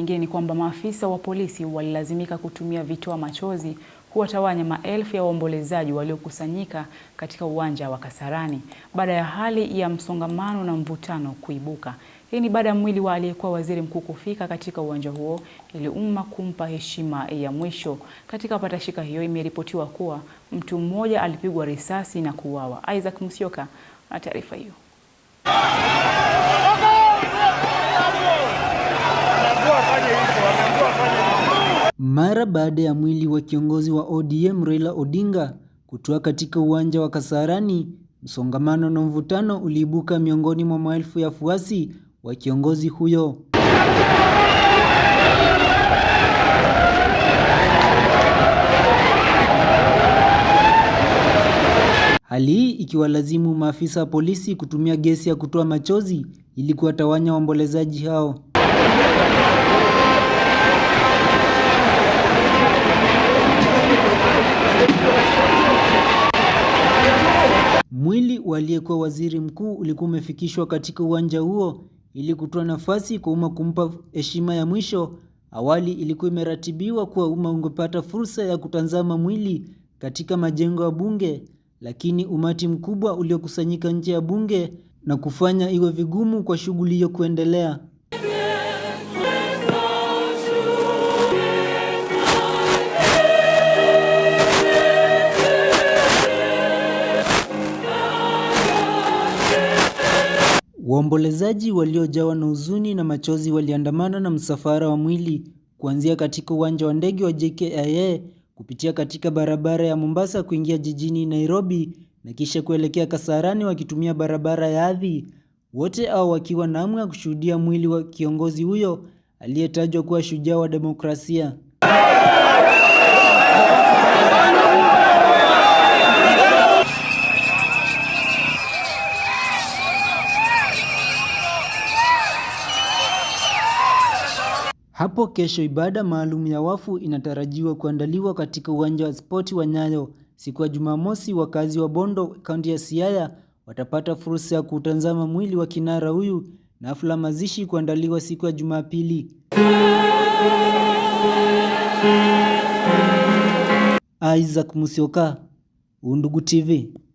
Nyingine ni kwamba maafisa wa polisi walilazimika kutumia vitoa machozi kuwatawanya maelfu ya waombolezaji waliokusanyika katika uwanja wa Kasarani baada ya hali ya msongamano na mvutano kuibuka. Hii ni baada ya mwili wa aliyekuwa waziri mkuu kufika katika uwanja huo ili umma kumpa heshima ya mwisho. Katika patashika hiyo, imeripotiwa kuwa mtu mmoja alipigwa risasi na kuuawa. Isaac Musyoka na taarifa hiyo. Mara baada ya mwili wa kiongozi wa ODM Raila Odinga kutua katika uwanja wa Kasarani, msongamano na mvutano uliibuka miongoni mwa maelfu ya wafuasi wa kiongozi huyo. Hali hii ikiwalazimu maafisa wa polisi kutumia gesi ya kutoa machozi ili kuwatawanya waombolezaji hao. wa aliyekuwa waziri mkuu ulikuwa umefikishwa katika uwanja huo ili kutoa nafasi kwa umma kumpa heshima ya mwisho. Awali ilikuwa imeratibiwa kuwa umma ungepata fursa ya kutazama mwili katika majengo ya bunge, lakini umati mkubwa uliokusanyika nje ya bunge na kufanya iwe vigumu kwa shughuli hiyo kuendelea. Waombolezaji waliojawa na huzuni na machozi waliandamana na msafara wa mwili kuanzia katika uwanja wa ndege wa JKIA kupitia katika barabara ya Mombasa kuingia jijini Nairobi na kisha kuelekea Kasarani wakitumia barabara ya Athi, wote hao wakiwa na hamu ya kushuhudia mwili wa kiongozi huyo aliyetajwa kuwa shujaa wa demokrasia. Hapo kesho ibada maalum ya wafu inatarajiwa kuandaliwa katika uwanja wa spoti wa Nyayo. Siku ya Jumamosi, wakazi wa Bondo, kaunti ya Siaya watapata fursa ya kutazama mwili wa kinara huyu na hafla mazishi kuandaliwa siku ya Jumapili. Isaac musioka Undugu TV.